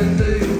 can do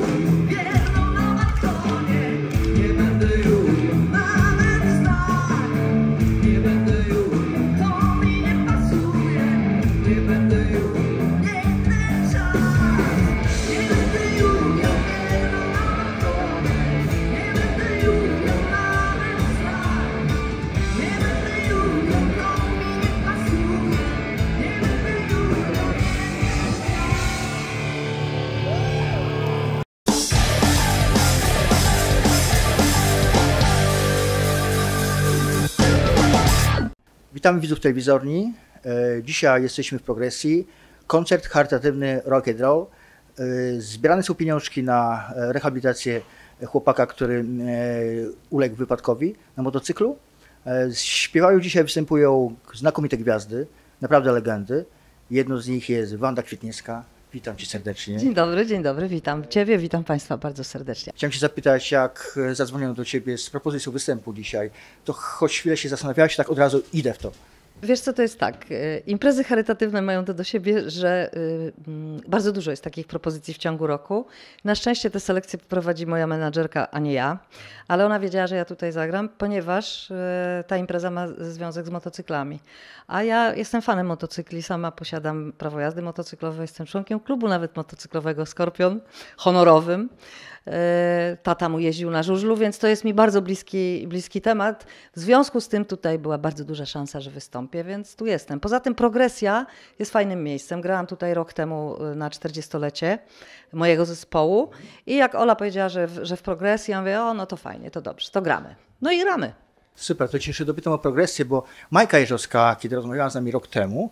Witamy widzów telewizorni. E, dzisiaj jesteśmy w progresji. Koncert charytatywny Rock and Roll. E, zbierane są pieniążki na e, rehabilitację chłopaka, który uległ wypadkowi na motocyklu. Śpiewają dzisiaj, występują znakomite gwiazdy, naprawdę legendy. Jedną z nich jest Wanda Kwitnieska. Witam Cię serdecznie. Dzień dobry, dzień dobry, witam Ciebie, witam Państwa bardzo serdecznie. Chciałem się zapytać, jak zadzwoniono do Ciebie z propozycją występu dzisiaj, to choć chwilę się zastanawiałeś, tak od razu idę w to. Wiesz co, to jest tak. Y, imprezy charytatywne mają to do siebie, że y, mm, bardzo dużo jest takich propozycji w ciągu roku. Na szczęście te selekcje prowadzi moja menadżerka, a nie ja, ale ona wiedziała, że ja tutaj zagram, ponieważ y, ta impreza ma związek z motocyklami. A ja jestem fanem motocykli, sama posiadam prawo jazdy motocyklowe, jestem członkiem klubu nawet motocyklowego Skorpion, honorowym. E, tata mu jeździł na żużlu, więc to jest mi bardzo bliski, bliski temat. W związku z tym tutaj była bardzo duża szansa, że wystąpię, więc tu jestem. Poza tym progresja jest fajnym miejscem. Grałam tutaj rok temu e, na 40-lecie mojego zespołu i jak Ola powiedziała, że w, że w progresji, ja mówię, o no to fajnie, to dobrze, to gramy. No i gramy. Super, to cieszę się, dopytam o progresję, bo Majka Jerzowska, kiedy rozmawiała z nami rok temu,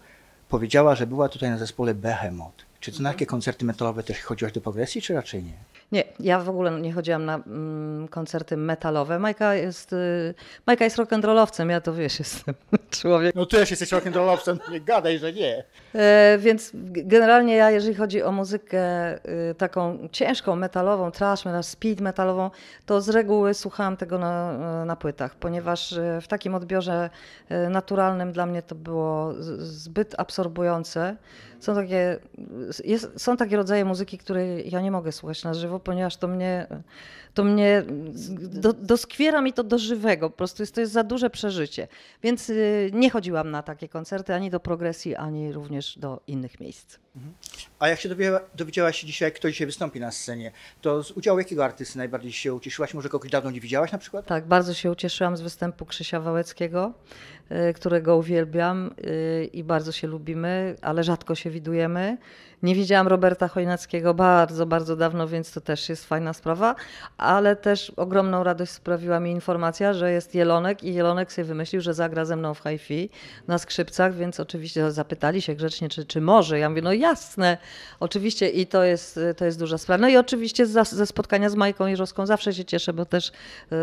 powiedziała, że była tutaj na zespole Behemoth. Czy to na mhm. jakie koncerty metalowe też chodziłaś do progresji, czy raczej nie? Nie, ja w ogóle nie chodziłam na mm, koncerty metalowe. Majka jest, y, Majka jest rock'n'rollowcem, ja to wiesz, jestem człowiek. No ty też jesteś rock'n'rollowcem, no nie gadaj, że nie. E, więc generalnie ja, jeżeli chodzi o muzykę y, taką ciężką, metalową, trash metal, speed metalową, to z reguły słuchałam tego na, y, na płytach, ponieważ y, w takim odbiorze y, naturalnym dla mnie to było zbyt absorbujące są takie, jest, są takie rodzaje muzyki, której ja nie mogę słuchać na żywo, ponieważ to mnie, to mnie do, doskwiera mi to do żywego. Po prostu jest, to jest za duże przeżycie. Więc y, nie chodziłam na takie koncerty ani do progresji, ani również do innych miejsc. A jak się dowiedziała, dowiedziałaś dzisiaj, kto dzisiaj wystąpi na scenie, to z udziału jakiego artysty najbardziej się ucieszyłaś? Może kogoś dawno nie widziałaś na przykład? Tak, bardzo się ucieszyłam z występu Krzysia Wałeckiego, y, którego uwielbiam y, i bardzo się lubimy, ale rzadko się widujemy nie widziałam Roberta Chojnackiego bardzo, bardzo dawno, więc to też jest fajna sprawa, ale też ogromną radość sprawiła mi informacja, że jest Jelonek i Jelonek sobie wymyślił, że zagra ze mną w hi-fi na skrzypcach, więc oczywiście zapytali się grzecznie, czy, czy może. Ja mówię, no jasne, oczywiście i to jest, to jest duża sprawa. No i oczywiście za, ze spotkania z Majką Jerzowską zawsze się cieszę, bo też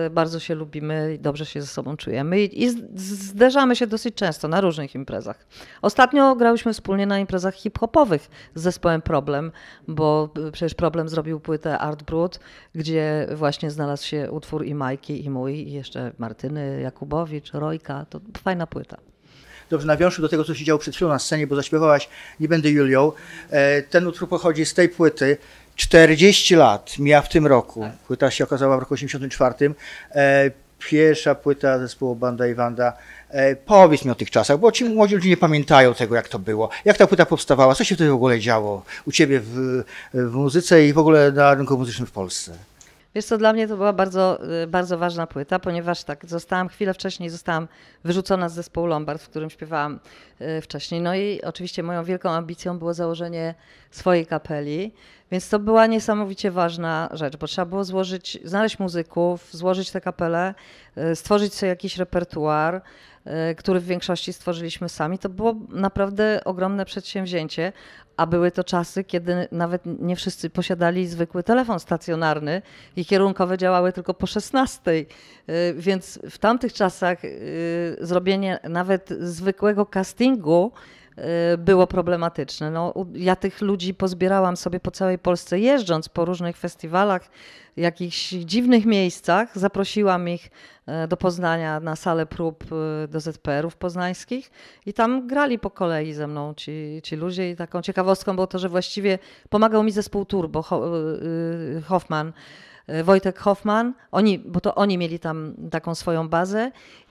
y, bardzo się lubimy i dobrze się ze sobą czujemy i, i zderzamy się dosyć często na różnych imprezach. Ostatnio grałyśmy wspólnie na imprezach hip-hopowych z zespołem Problem, bo y, przecież Problem zrobił płytę Art Brut, gdzie właśnie znalazł się utwór i Majki, i mój, i jeszcze Martyny Jakubowicz, Rojka. To fajna płyta dobrze nawiążę do tego, co się działo przed chwilą na scenie, bo zaśpiewałaś Nie będę Julią. E, ten utwór pochodzi z tej płyty. 40 lat mija w tym roku. Tak. Płyta się okazała w roku 84. E, pierwsza płyta zespołu Banda i Wanda E, powiedz mi o tych czasach, bo ci młodzi ludzie nie pamiętają tego, jak to było. Jak ta płyta powstawała? Co się wtedy w ogóle działo u ciebie w, w muzyce i w ogóle na rynku muzycznym w Polsce? Wiesz co, dla mnie to była bardzo, y, bardzo ważna płyta, ponieważ tak, zostałam chwilę wcześniej, zostałam wyrzucona z zespołu Lombard, w którym śpiewałam y, wcześniej. No i oczywiście moją wielką ambicją było założenie swojej kapeli, więc to była niesamowicie ważna rzecz, bo trzeba było złożyć, znaleźć muzyków, złożyć tę kapelę, y, stworzyć sobie jakiś repertuar, E, który w większości stworzyliśmy sami, to było naprawdę ogromne przedsięwzięcie, a były to czasy, kiedy nawet nie wszyscy posiadali zwykły telefon stacjonarny i kierunkowe działały tylko po 16. E, więc w tamtych czasach e, zrobienie nawet zwykłego castingu, Y, było problematyczne. No, ja tych ludzi pozbierałam sobie po całej Polsce, jeżdżąc po różnych festiwalach, jakichś dziwnych miejscach. Zaprosiłam ich y, do Poznania na salę prób y, do ZPR-ów poznańskich i tam grali po kolei ze mną ci, ci ludzie i taką ciekawostką było to, że właściwie pomagał mi zespół Turbo Hoffman, E, Wojtek Hoffman, oni, bo to oni mieli tam taką swoją bazę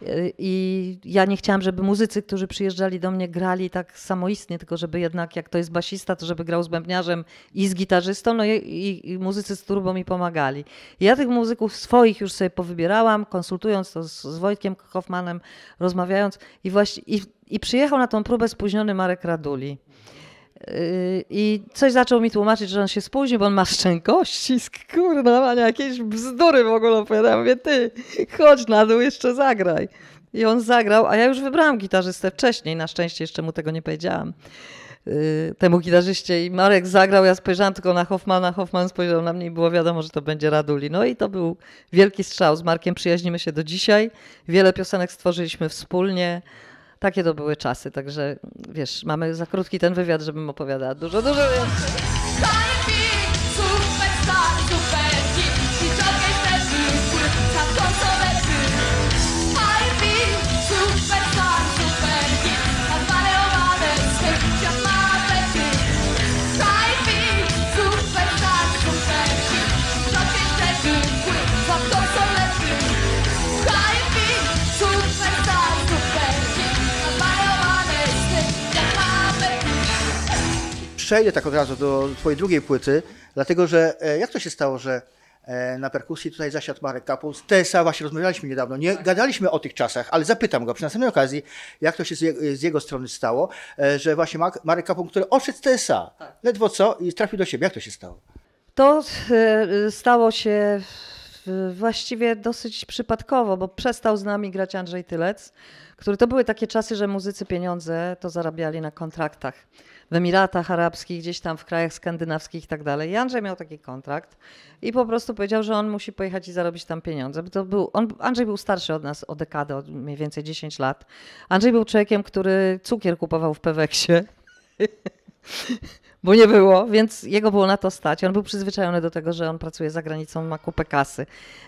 e, i ja nie chciałam, żeby muzycy, którzy przyjeżdżali do mnie, grali tak samoistnie, tylko żeby jednak, jak to jest basista, to żeby grał z bębniarzem i z gitarzystą, no i, i, muzycy z turbo mi pomagali. ja tych muzyków swoich już sobie powybierałam, konsultując to z, z Wojtkiem Hoffmanem, rozmawiając i właśnie i, i przyjechał na tą próbę spóźniony Marek Raduli. I coś zaczął mi tłumaczyć, że on się spóźnił, bo on ma szczękościsk, kurwa, Ania, jakieś bzdury w ogóle opowiada. mówię, ty, chodź na dół, jeszcze zagraj. I on zagrał, a ja już wybrałam gitarzystę wcześniej, na szczęście jeszcze mu tego nie powiedziałam. Y, temu gitarzyście i Marek zagrał, ja spojrzałam tylko na Hoffmana, Hoffman spojrzał na mnie i było wiadomo, że to będzie Raduli. No i to był wielki strzał. Z Markiem przyjaźnimy się do dzisiaj. Wiele piosenek stworzyliśmy wspólnie. Takie to były czasy, także wiesz, mamy za krótki ten wywiad, żebym opowiadała dużo, dużo więcej. przejdę tak od razu do twojej drugiej płyty, dlatego że e, jak to się stało, że e, na perkusji tutaj zasiadł Marek Kapus. Tesa, właśnie rozmawialiśmy niedawno, nie gadaliśmy o tych czasach, ale zapytam go przy następnej okazji, jak to się z, jego strony stało, e, że właśnie Marek Kapun, który odszedł z Tesa, tak. ledwo co i trafił do siebie. Jak to się stało? To stało się właściwie dosyć przypadkowo, bo przestał z nami grać Andrzej Tylec który to były takie czasy, że muzycy pieniądze to zarabiali na kontraktach w Emiratach Arabskich, gdzieś tam w krajach skandynawskich i tak dalej. I Andrzej miał taki kontrakt i po prostu powiedział, że on musi pojechać i zarobić tam pieniądze. To był, on, Andrzej był starszy od nas o dekadę, od mniej więcej 10 lat. Andrzej był człowiekiem, który cukier kupował w Peweksie bo nie było, więc jego było na to stać. On był przyzwyczajony do tego, że on pracuje za granicą, ma kupę kasy.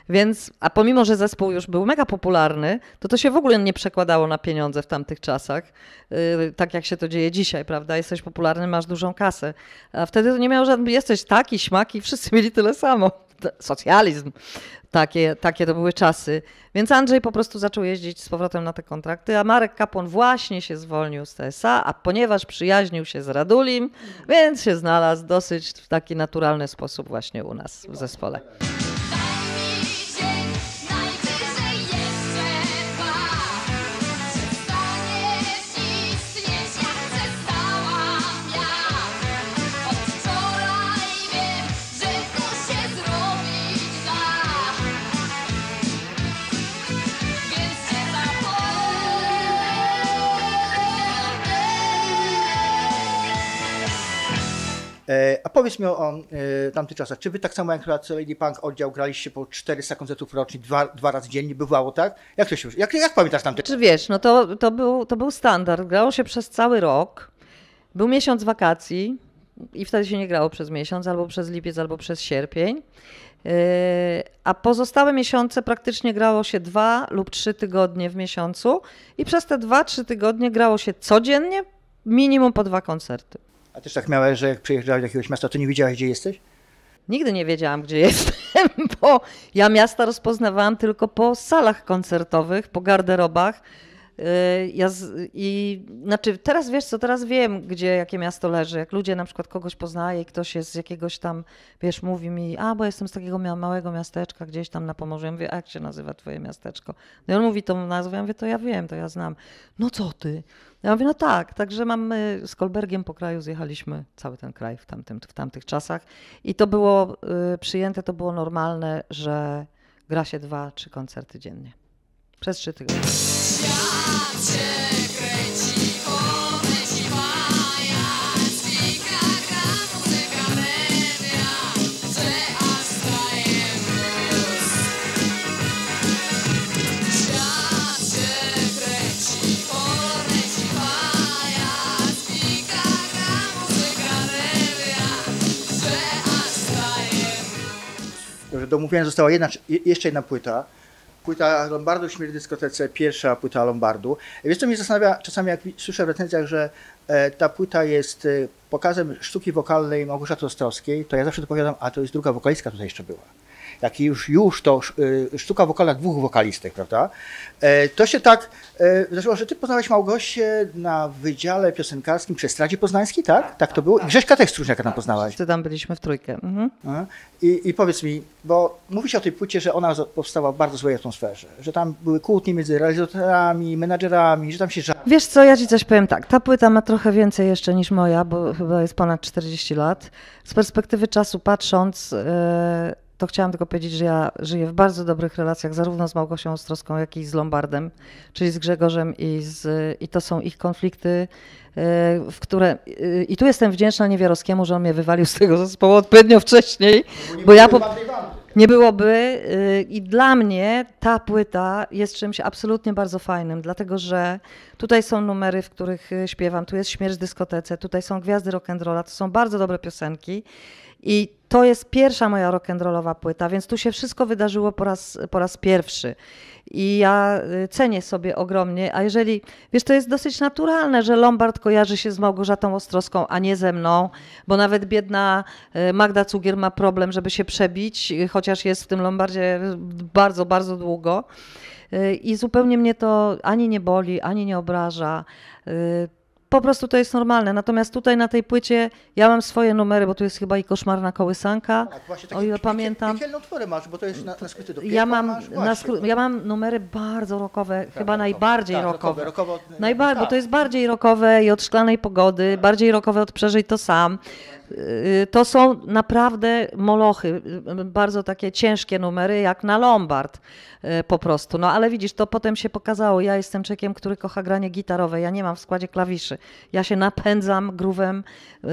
Więc, a pomimo, że zespół już był mega popularny, to to się w ogóle nie przekładało na pieniądze w tamtych czasach, yy, tak jak się to dzieje dzisiaj, prawda? Jesteś popularny, masz dużą kasę. A wtedy to nie miało żadnych, jesteś taki, śmaki, wszyscy mieli tyle samo socjalizm. Takie, takie to były czasy. Więc Andrzej po prostu zaczął jeździć z powrotem na te kontrakty, a Marek Kapon właśnie się zwolnił z TSA, a ponieważ przyjaźnił się z Radulim, więc się znalazł dosyć w taki naturalny sposób właśnie u nas w zespole. E, a powiedz mi o, o e, tamtych czasach. Czy wy tak samo jak Lady Punk oddział graliście po 400 koncertów rocznie, dwa, dwa razy dziennie? Bywało tak? Jak to się jak, jak pamiętasz tamte? Czy wiesz, no to, to, był, to był standard. Grało się przez cały rok. Był miesiąc wakacji i wtedy się nie grało przez miesiąc, albo przez lipiec, albo przez sierpień. E, a pozostałe miesiące praktycznie grało się dwa lub trzy tygodnie w miesiącu, i przez te dwa, trzy tygodnie grało się codziennie minimum po dwa koncerty. A też tak miałeś, że jak przyjechałeś do jakiegoś miasta, to nie wiedziałeś, gdzie jesteś? Nigdy nie wiedziałam, gdzie jestem, bo ja miasta rozpoznawałam tylko po salach koncertowych, po garderobach. Y, ja z, I znaczy teraz wiesz co, teraz wiem, gdzie jakie miasto leży. Jak ludzie na przykład kogoś poznaje i ktoś jest z jakiegoś tam, wiesz, mówi mi, a bo jestem z takiego małego miasteczka gdzieś tam na Pomorzu. Ja mówię, a jak się nazywa twoje miasteczko? No i on mówi tą nazwę, ja mówię, to ja wiem, to ja znam. No co ty? Ja mówię, no tak, także mamy z Kolbergiem po kraju zjechaliśmy cały ten kraj w, tamtym, w tamtych czasach i to było y, przyjęte, to było normalne, że gra się dwa, trzy koncerty dziennie. Przez trzy tygodnie. że do mówienia została jedna, jeszcze jedna płyta, płyta Lombardu, Śmierć dyskotece, pierwsza płyta Lombardu. Wiesz co mnie zastanawia czasami, jak słyszę w recenzjach, że e, ta płyta jest e, pokazem sztuki wokalnej Małgorzaty Ostrowskiej, to ja zawsze dopowiadam, a to jest druga wokalistka tutaj jeszcze była taki już, już to y, sztuka wokalna dwóch wokalistek, prawda? E, to się tak e, zaczęło, że ty poznałeś Małgosię na Wydziale Piosenkarskim przy Stradzie Poznańskiej, tak? Tak to było? I Grześka też Strużniaka tam poznałaś. Ty tam byliśmy w trójkę. Mhm. I, I, powiedz mi, bo mówi się o tej płycie, że ona powstała w bardzo złej atmosferze, że tam były kłótnie między realizatorami, menadżerami, że tam się żarło. Wiesz co, ja ci coś powiem tak, ta płyta ma trochę więcej jeszcze niż moja, bo chyba jest ponad 40 lat. Z perspektywy czasu patrząc... Yy to chciałam tylko powiedzieć, że ja żyję w bardzo dobrych relacjach zarówno z Małgosią Ostrowską, jak i z Lombardem, czyli z Grzegorzem i, z, i to są ich konflikty, e, w które... E, I tu jestem wdzięczna Niewiarowskiemu, że on mnie wywalił z tego zespołu odpowiednio wcześniej, bo, bo ja... Po, nie byłoby e, i dla mnie ta płyta jest czymś absolutnie bardzo fajnym, dlatego że tutaj są numery, w których śpiewam, tu jest Śmierć w dyskotece, tutaj są Gwiazdy rock'n'rolla, to są bardzo dobre piosenki i to jest pierwsza moja rock'n'rollowa płyta, więc tu się wszystko wydarzyło po raz, po raz pierwszy. I ja y, cenię sobie ogromnie, a jeżeli, wiesz, to jest dosyć naturalne, że Lombard kojarzy się z Małgorzatą Ostrowską, a nie ze mną, bo nawet biedna y, Magda Cugier ma problem, żeby się przebić, y, chociaż jest w tym Lombardzie bardzo, bardzo długo. I zupełnie mnie to ani nie boli, ani nie obraża po prostu to jest normalne. Natomiast tutaj na tej płycie ja mam swoje numery, bo tu jest chyba i koszmarna kołysanka. Tak, właśnie takie o ile pamiętam. Jakie masz, bo to jest na, na skróty do ja mam, masz, skr no ja mam numery bardzo rockowe, tak, chyba rokowe. najbardziej tak, rockowe. rockowe, rockowe od... Najba tak. Bo to jest bardziej rockowe i od szklanej pogody, bardziej rockowe od przeżyj to sam. Y, to są naprawdę molochy, y, bardzo takie ciężkie numery, jak na Lombard y, po prostu. No ale widzisz, to potem się pokazało. Ja jestem czekiem, który kocha granie gitarowe. Ja nie mam w składzie klawiszy rzeczy. Ja się napędzam gruwem, y,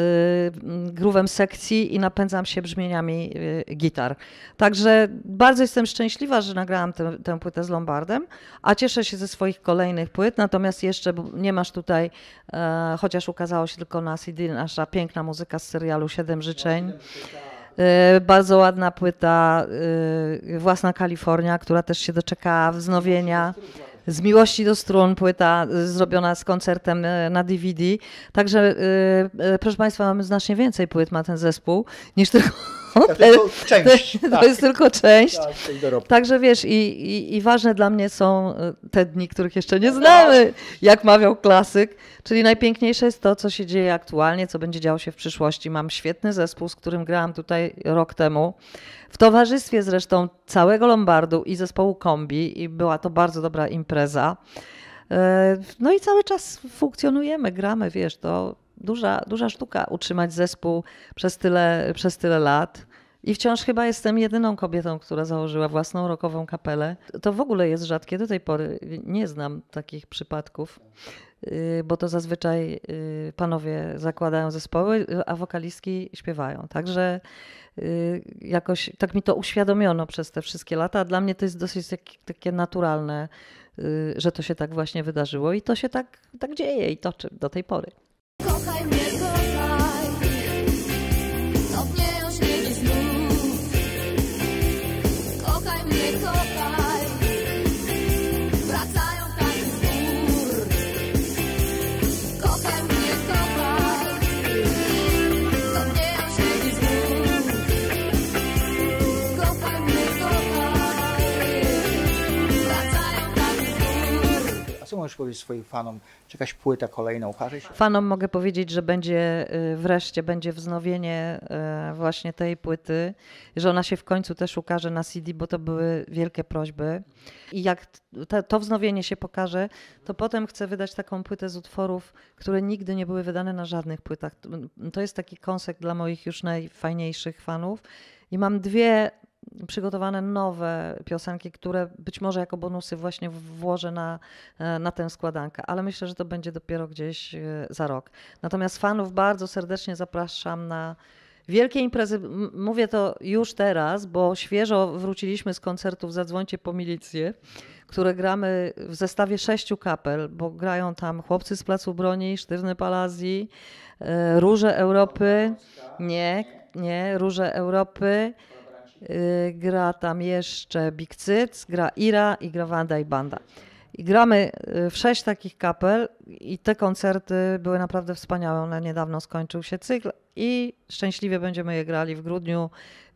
gruwem sekcji i napędzam się brzmieniami y, gitar. Także bardzo jestem szczęśliwa, że nagrałam tę, tę płytę z Lombardem, a cieszę się ze swoich kolejnych płyt, natomiast jeszcze nie masz tutaj, e, chociaż ukazało się tylko na CD nasza piękna muzyka z serialu Siedem Życzeń. E, bardzo ładna płyta, e, własna Kalifornia, która też się doczekała wznowienia. Z miłości do strun, płyta y, zrobiona z koncertem y, na DVD. Także, y, proszę Państwa, mamy znacznie więcej płyt ma ten zespół niż tylko To tylko część. Tak. To tak. jest tylko część. Tak, Także wiesz, i, i, i, ważne dla mnie są y, te dni, których jeszcze nie no znamy, jak mawiał klasyk. Czyli najpiękniejsze jest to, co się dzieje aktualnie, co będzie działo się w przyszłości. Mam świetny zespół, z którym grałam tutaj rok temu. W towarzystwie zresztą całego Lombardu i zespołu kombi, i była to bardzo dobra impreza. E, no i cały czas funkcjonujemy, gramy, wiesz, to duża, duża sztuka utrzymać zespół przez tyle, przez tyle lat. I wciąż chyba jestem jedyną kobietą, która założyła własną rokową kapelę. To w ogóle jest rzadkie do tej pory. Nie znam takich przypadków, y, bo to zazwyczaj y, panowie zakładają zespoły, a wokalistki śpiewają. Także y, jakoś tak mi to uświadomiono przez te wszystkie lata, a dla mnie to jest dosyć tak, takie naturalne, że to się tak właśnie wydarzyło i to się tak, tak dzieje i toczy do tej pory. możesz powiedzieć swoim fanom, czy jakaś płyta kolejna ukaże się? Fanom mogę powiedzieć, że będzie y, wreszcie będzie wznowienie y, właśnie tej płyty, że ona się w końcu też ukaże na CD, bo to były wielkie prośby. I jak to wznowienie się pokaże, to potem chcę wydać taką płytę z utworów, które nigdy nie były wydane na żadnych płytach. To jest taki konsek dla moich już najfajniejszych fanów. I mam dwie przygotowane nowe piosenki, które być może jako bonusy właśnie włożę na, e, na tę składankę, ale myślę, że to będzie dopiero gdzieś e, za rok. Natomiast fanów bardzo serdecznie zapraszam na wielkie imprezy. Mówię to już teraz, bo świeżo wróciliśmy z koncertów Zadzwońcie po milicję, które gramy w zestawie sześciu kapel, bo grają tam Chłopcy z Placu Broni, Sztywny Palazji, e, Róże Europy, nie, nie, Róże Europy, Y, gra tam jeszcze Big Cyc, gra Ira i gra Wanda i Banda. I gramy y, w sześć takich kapel i te koncerty były naprawdę wspaniałe. One niedawno skończył się cykl i szczęśliwie będziemy je grali w grudniu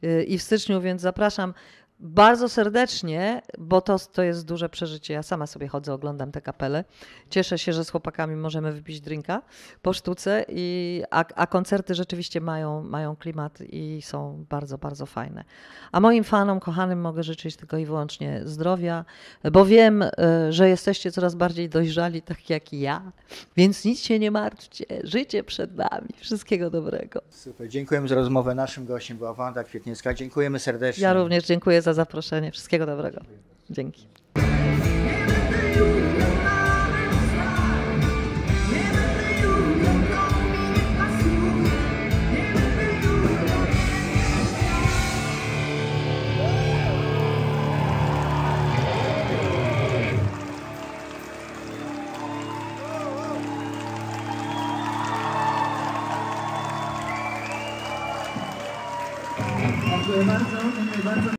y, i w styczniu, więc zapraszam bardzo serdecznie, bo to, to jest duże przeżycie. Ja sama sobie chodzę, oglądam te kapele. Cieszę się, że z chłopakami możemy wypić drinka po sztuce, i, a, a koncerty rzeczywiście mają, mają klimat i są bardzo, bardzo fajne. A moim fanom, kochanym, mogę życzyć tylko i wyłącznie zdrowia, bo wiem, e, że jesteście coraz bardziej dojrzali, tak jak ja, więc nic się nie martwcie. Życie przed nami. Wszystkiego dobrego. Super, dziękujemy za rozmowę. Naszym gościem była Wanda Kwietniewska. Dziękujemy serdecznie. Ja również dziękuję za zaproszenie. Wszystkiego dobrego. Dzięki. Dziękuję bardzo, dziękuję bardzo.